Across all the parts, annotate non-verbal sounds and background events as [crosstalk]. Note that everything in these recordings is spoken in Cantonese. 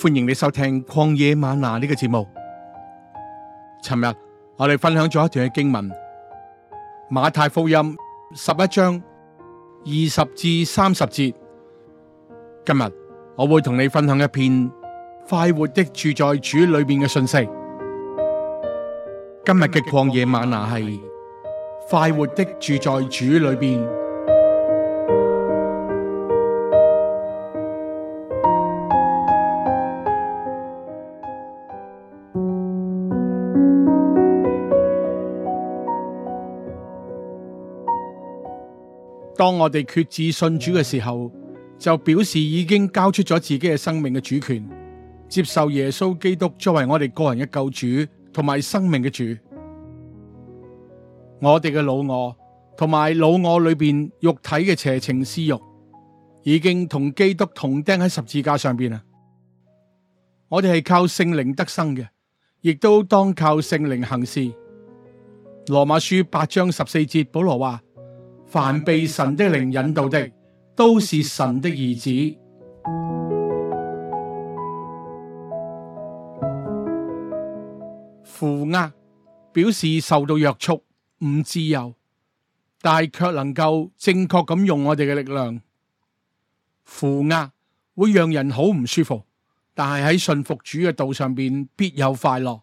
歡迎你收聽曠野嗎哪呢、這個節目。尋日我哋分享咗一段嘅經文，馬太福音十一章二十至三十節。今日我會同你分享一篇快活的住在主裡面嘅信息。今日嘅曠野嗎哪係快活的住在主裡面。當我哋決志信主嘅時候，就表示已經交出咗自己嘅生命嘅主權，接受耶穌基督作為我哋個人嘅救主同埋生命嘅主。我哋嘅老我同埋老我裏邊肉體嘅邪情私欲，已經同基督同釘喺十字架上邊啦。我哋係靠聖靈得生嘅，亦都當靠聖靈行事。羅馬書八章十四節，保羅話。凡被神的靈引導的，都是神的兒子。負軛表示受到約束，唔自由，但卻能夠正確咁用我哋嘅力量。負軛會讓人好唔舒服，但係喺順服主嘅道上邊必有快樂。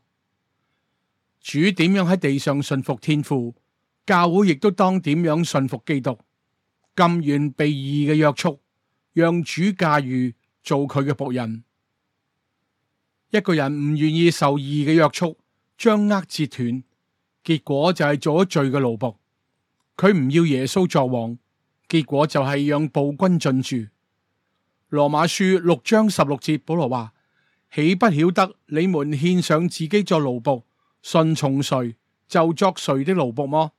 主點樣喺地上順服天父？教會亦都當點樣信服基督？甘願被義嘅約束，讓主駕馭，做佢嘅僕人。一個人唔願意受義嘅約束，將軛折斷，結果就係做咗罪嘅奴僕。佢唔要耶穌作王，結果就係讓暴君進駐。羅馬書六章十六節，保羅話：豈不曉得你們獻上自己作奴僕，順從誰就作誰的奴僕麼？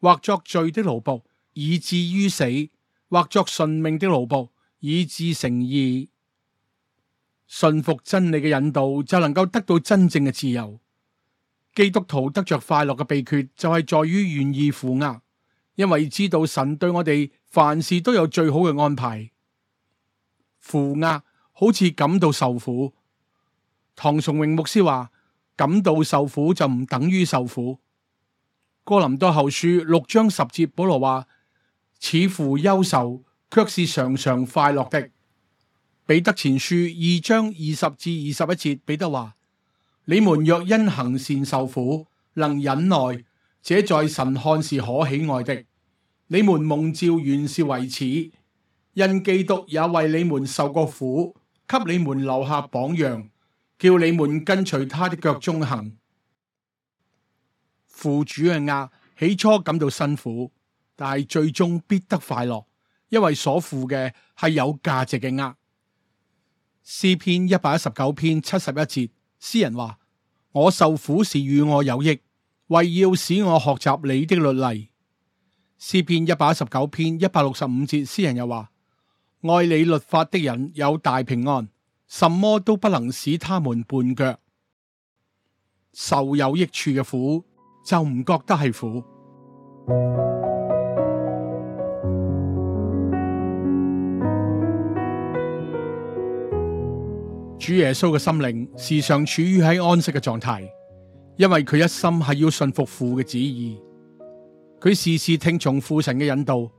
或作罪的奴僕，以至於死；或作順命的奴僕，以致成義。信服真理嘅引導，就能夠得到真正嘅自由。基督徒得着快樂嘅秘訣，就係在於願意負軛，因為知道神對我哋凡事都有最好嘅安排。負軛好似感到受苦。唐崇榮牧師話：感到受苦就唔等於受苦。哥林多後書六章十節，保羅話：似乎憂愁，却是常常快樂的。彼得前書二章二十至二十一節，彼得話：你們若因行善受苦，能忍耐，這在神看是可喜愛的。你們蒙召原是為此，因基督也為你們受過苦，給你們留下榜樣，叫你們跟隨他的腳蹤行。負主嘅軛起初感到辛苦，但係最終必得快樂，因為所負嘅係有價值嘅軛。詩篇一百一十九篇七十一節，詩人話：我受苦是與我有益，為要使我學習你的律例。詩篇一百一十九篇一百六十五節，詩人又話：愛你律法的人有大平安，什麼都不能使他們絆腳。受有益處嘅苦。就唔覺得係苦。主耶穌嘅心靈時常處於喺安息嘅狀態，因為佢一心係要信服父嘅旨意，佢時時聽從父神嘅引導，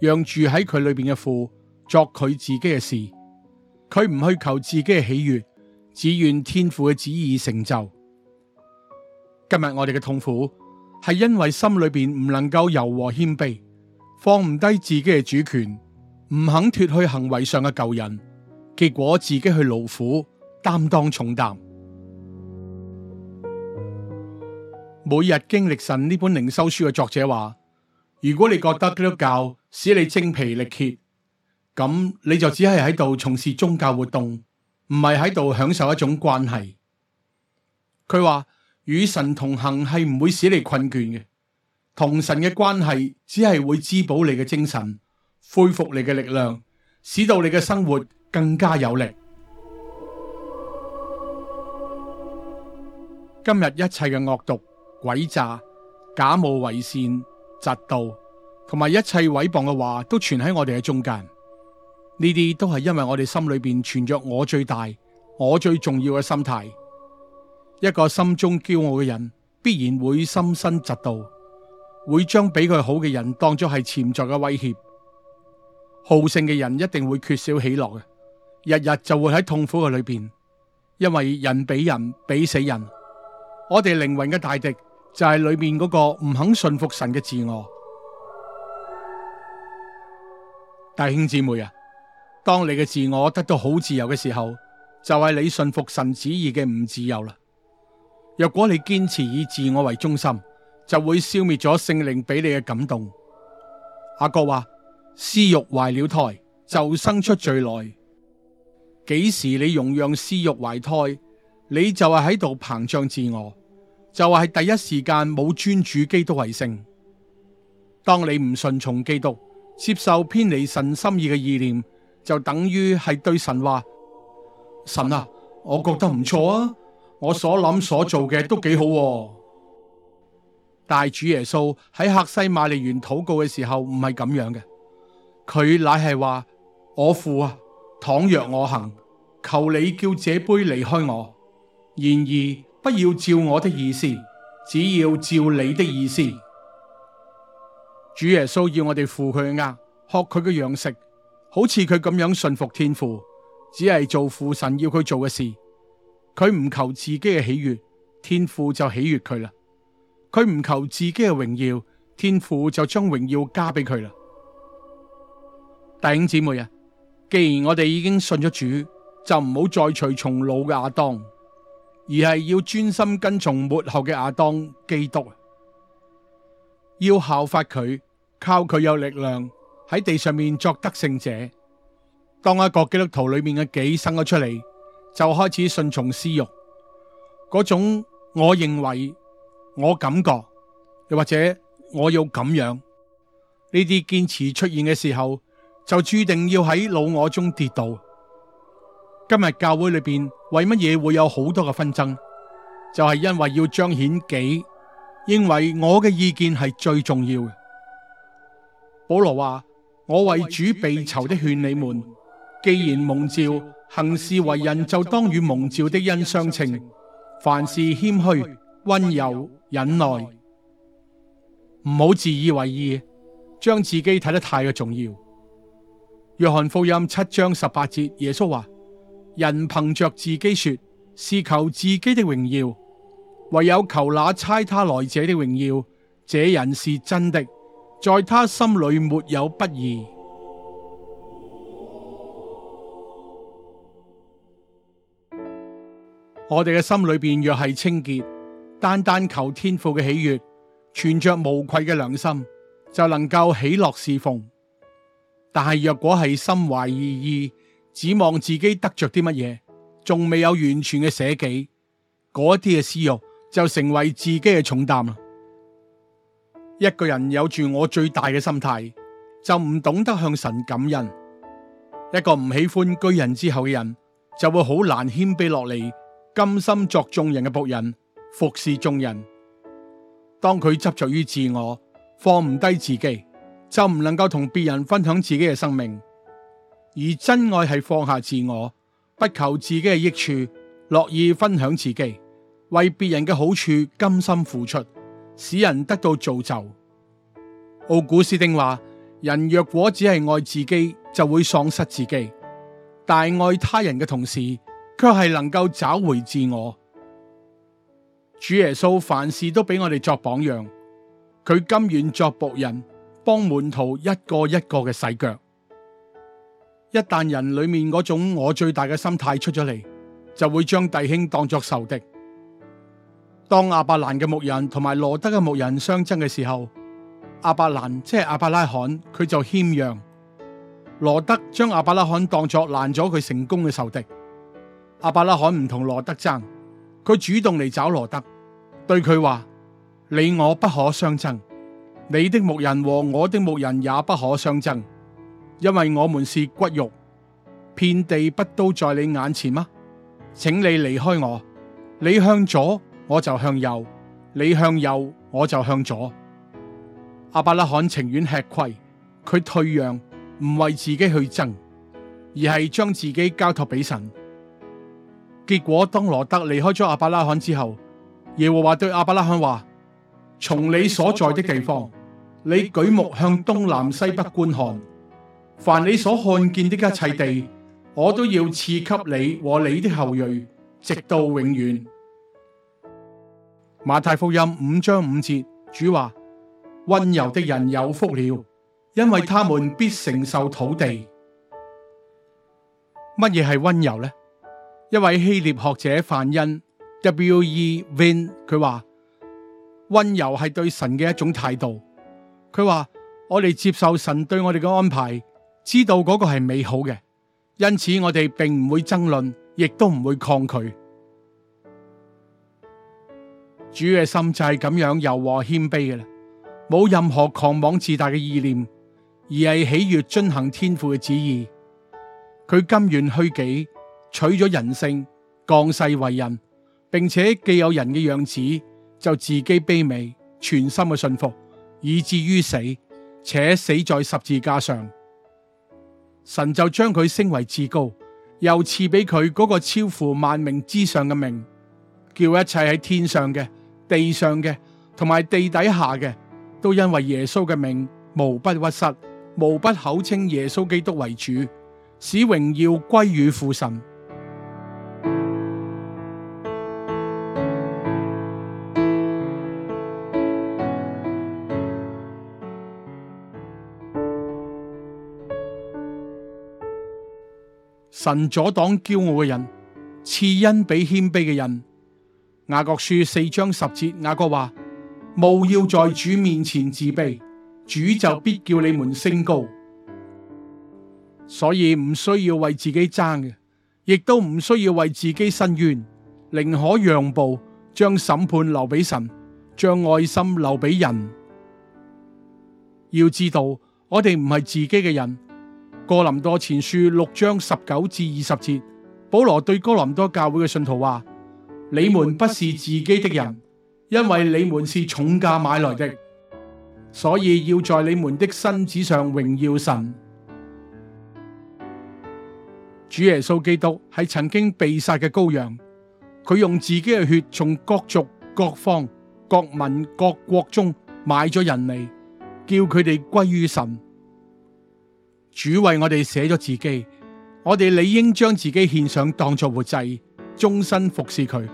讓住喺佢裏邊嘅父作佢自己嘅事，佢唔去求自己嘅喜悅，只願天父嘅旨意成就。今日我哋嘅痛苦係因為心裏面唔能夠柔和謙卑，放唔低自己嘅主權，唔肯脫去行為上嘅舊人。結果自己去勞苦擔當重擔。每日經歷神呢本靈修書嘅作者話：如果你覺得基督教使你精疲力竭，咁你就只係喺度從事宗教活動，唔係喺度享受一種關係。佢話。與神同行係唔會使你困倦嘅，同神嘅關係只係會滋補你嘅精神，恢復你嘅力量，使到你嘅生活更加有力。 [noise] 今日一切嘅惡毒、詭詐、假冒偽善、嫉妒，同埋一切毀謗嘅話，都存喺我哋嘅中間。呢啲都係因為我哋心裏面存着我最大、我最重要嘅心態。一個心中驕傲嘅人，必然會心生嫉妒，會將比佢好嘅人當咗係潛在嘅威脅。好勝嘅人一定會缺少喜樂嘅，日日就會喺痛苦嘅裏邊，因為人比人比死人。我哋靈魂嘅大敵就係裏面嗰個唔肯信服神嘅自我。弟兄姊妹啊，當你嘅自我得到好自由嘅時候，就係你信服神旨意嘅唔自由啦。若果你堅持以自我為中心，就會消滅咗聖靈俾你嘅感動。阿哥話：私欲懷了胎，就生出罪來。幾時你容讓私欲懷胎，你就係喺度膨脹自我，就係第一時間冇尊主基督為聖。當你唔順從基督，接受偏離神心意嘅意念，就等於係對神話：神啊，我覺得唔錯啊。我所諗所做嘅都幾好啊，但係主耶穌喺客西馬尼園禱告嘅時候唔係咁樣嘅，佢乃係話：我父啊，倘若我行，求你叫這杯離開我；然而不要照我的意思，只要照你的意思。主耶穌要我哋負佢嘅軛，學佢嘅樣式，好似佢咁樣信服天父，只係做父神要佢做嘅事。佢唔求自己嘅喜悅，天父就喜悅佢啦；佢唔求自己嘅榮耀，天父就將榮耀加俾佢啦。弟兄姊妹啊，既然我哋已經信咗主，就唔好再隨從老嘅亞當，而係要專心跟從末後嘅亞當，基督，要效法佢，靠佢有力量喺地上面作得勝者，當一個基督徒裏面嘅己生咗出嚟。就開始順從私慾，嗰種我認為、我感覺，又或者我要咁樣呢啲堅持出現嘅時候，就注定要喺老我中跌倒。今日教會裏邊為乜嘢會有好多嘅紛爭？就係因為要彰顯己，認為我嘅意見係最重要嘅。保羅話：我為主被囚的，勸你們。既然蒙召，行事為人就當與蒙召的恩相稱。凡事謙虛、溫柔、忍耐，唔好自以為義，將自己睇得太嘅重要。約翰福音七章十八節，耶穌話：人憑着自己說，是求自己的榮耀，唯有求那差他來者的榮耀，這人是真的，在他心裏沒有不義。我哋嘅心裏邊若係清潔，單單求天父嘅喜悅，存着無愧嘅良心，就能夠喜樂侍奉。但係若果係心懷異意，指望自己得着啲乜嘢，仲未有完全嘅捨己，嗰啲嘅私慾就成為自己嘅重擔啦。一個人有住我最大嘅心態，就唔懂得向神感恩。一個唔喜歡居人之後嘅人，就會好難謙卑落嚟。甘心作眾人嘅僕人，服侍眾人。當佢執着於自我，放唔低自己，就唔能夠同別人分享自己嘅生命。而真愛係放下自我，不求自己嘅益處，樂意分享自己，為別人嘅好處甘心付出，使人得到造就。奧古斯丁話：人若果只係愛自己，就會喪失自己。但愛他人嘅同時，卻係能夠找回自我。主耶穌凡事都俾我哋作榜樣，佢甘願作僕人，幫門徒一個一個嘅洗腳。一旦人裏面嗰種我最大嘅心態出咗嚟，就會將弟兄當作仇敵。當亞伯蘭嘅牧人同埋羅德嘅牧人相爭嘅時候，亞伯蘭即係亞伯拉罕，佢就謙讓；羅德將亞伯拉罕當作攔咗佢成功嘅仇敵。阿伯拉罕唔同羅德爭，佢主動嚟，找羅德，對佢話：你我不可相爭，你的牧人和我的牧人也不可相爭，因為我們是骨肉，遍地不都在你眼前嗎？請你離開我，你向左我就向右，你向右我就向左。阿伯拉罕情願吃虧，佢退讓，唔為自己去爭，而係將自己交託俾神。結果當羅得離開咗亞伯拉罕之後，耶和華對亞伯拉罕話：從你所在的地方，你舉目向東南西北觀看，凡你所看見的一切地，我都要賜給你和你的後裔，直到永遠。馬太福音五章五節，主話：温柔的人有福了，因為他們必承受土地。乜嘢係温柔呢？一位希臘學者范恩 W.E. Vine 佢話溫柔係對神嘅一種態度。佢話我哋接受神對我哋嘅安排，知道嗰個係美好嘅，因此我哋並唔會爭論，亦都唔會抗拒。主嘅心就係咁樣柔和謙卑嘅啦，冇任何狂妄自大嘅意念，而係喜悅遵行天父嘅旨意。佢甘願虛己。取咗人性降世為人，並且既有人嘅樣子，就自己卑微，全心嘅信服，以至於死，且死在十字架上。神就將佢升為至高，又賜俾佢嗰個超乎萬名之上嘅命，叫一切喺天上嘅、地上嘅、同埋地底下嘅，都因為耶穌嘅命，無不屈膝，無不口稱耶穌基督為主，使榮耀歸於父神。神阻擋驕傲嘅人，賜恩俾謙卑嘅人。雅各書四章十節，雅各話：務要，要在主面前自卑，主就必叫你們升高。所以唔需要為自己爭嘅，亦都唔需要為自己申冤，寧可讓步，將審判留俾神，將愛心留俾人。要知道，我哋唔係自己嘅人。哥林多前書六章十九至二十節，保羅對哥林多教會嘅信徒話：你們不是自己的人，因為你們是重價買來的，所以要在你們的身子上榮耀神。主耶穌基督係曾經被殺嘅羔羊，佢用自己嘅血從各族、各方、各民、各國中買咗人嚟，叫佢哋歸於神。主為我哋寫咗自己，我哋理應將自己獻上，當作活祭，終身服侍佢。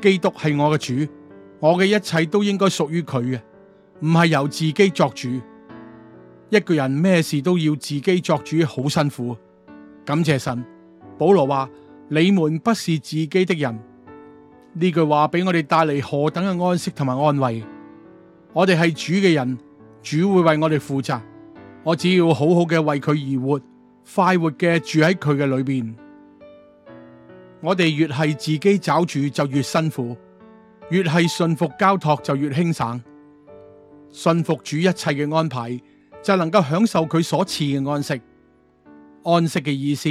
基督係我嘅主，我嘅一切都應該屬於佢嘅，唔係由自己作主。一個人咩事都要自己作主，好辛苦。感謝神，保羅話：你們不是自己的人。呢句話俾我哋帶嚟何等嘅安息同埋安慰！我哋係主嘅人，主會為我哋負責。我只要好好嘅為佢而活，快活嘅住喺佢嘅裏邊。我哋越係自己找住就越辛苦，越係信服交託就越輕省。信服主一切嘅安排，就能夠享受佢所賜嘅安息。安息嘅意思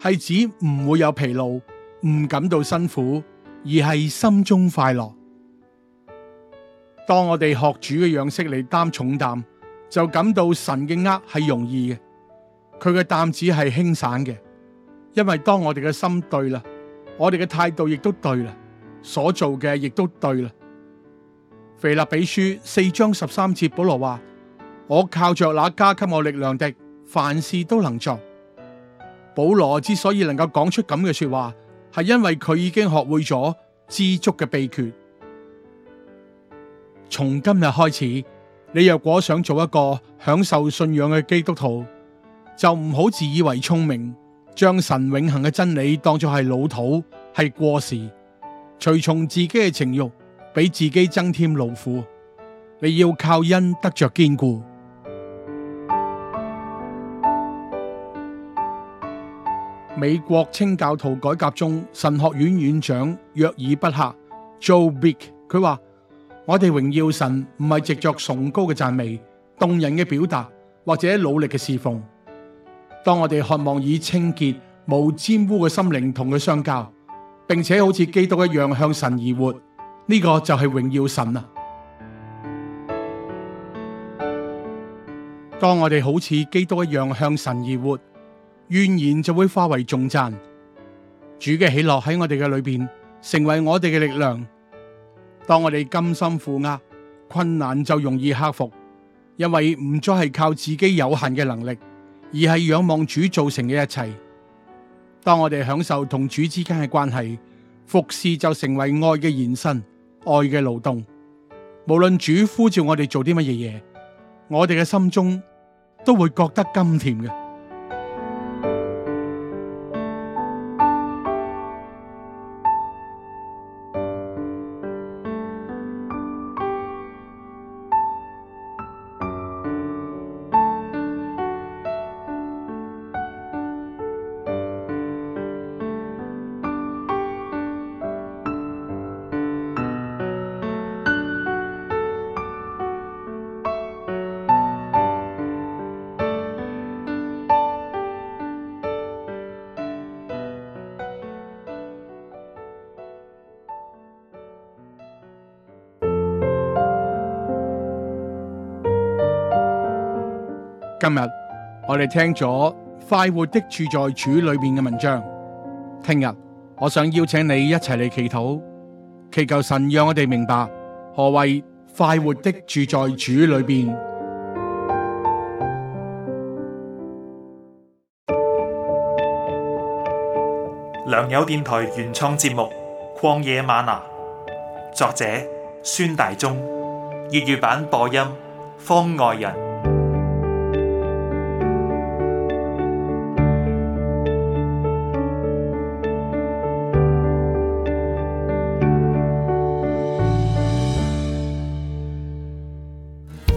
係指唔會有疲勞，唔感到辛苦，而係心中快樂。當我哋學主嘅樣式嚟擔重擔。就感到神嘅軛，係容易嘅，佢嘅擔子係輕省嘅，因為當我哋嘅心對啦，我哋嘅態度亦都對啦，所做嘅亦都對啦。腓立比書四章十三節，保羅話：我靠着那加給我力量的，凡事都能做。保羅之所以能夠講出咁嘅說話，係因為佢已經學會咗知足嘅秘訣。從今日開始。你若果想做一個享受信仰嘅基督徒，就唔好自以為聰明，將神永恒嘅真理當作係老土、係過時，隨從自己嘅情欲，俾自己增添勞苦。你要靠恩得着堅固。美國清教徒改革宗，神學院院長約爾不克 Joe Big 佢話。我哋榮耀神唔係藉著崇高嘅讚美、動人嘅表達或者努力嘅侍奉。當我哋渴望以清潔、無沾污嘅心靈同佢相交，並且好似基督一樣向神而活，呢、呢個就係榮耀神啊！當我哋好似基督一樣向神而活，怨言就會化為頌讚，主嘅喜樂喺我哋嘅裏邊成為我哋嘅力量。當我哋甘心負軛，困難就容易克服，因為唔再係靠自己有限嘅能力，而係仰望主造成嘅一切。當我哋享受同主之間嘅關係，服侍就成為愛嘅延伸，愛嘅勞動。無論主呼召我哋做啲乜嘢嘢，我哋嘅心中都會覺得甘甜嘅。今日我哋聽咗快，「快活的住在主裏面」嘅文章，聽日我想邀請你一齊嚟祈禱，祈求神讓我哋明白何謂快活的住在主裏面。良友電台原創節目《曠野嗎哪》，作者孫大中，粵語版播音方外人。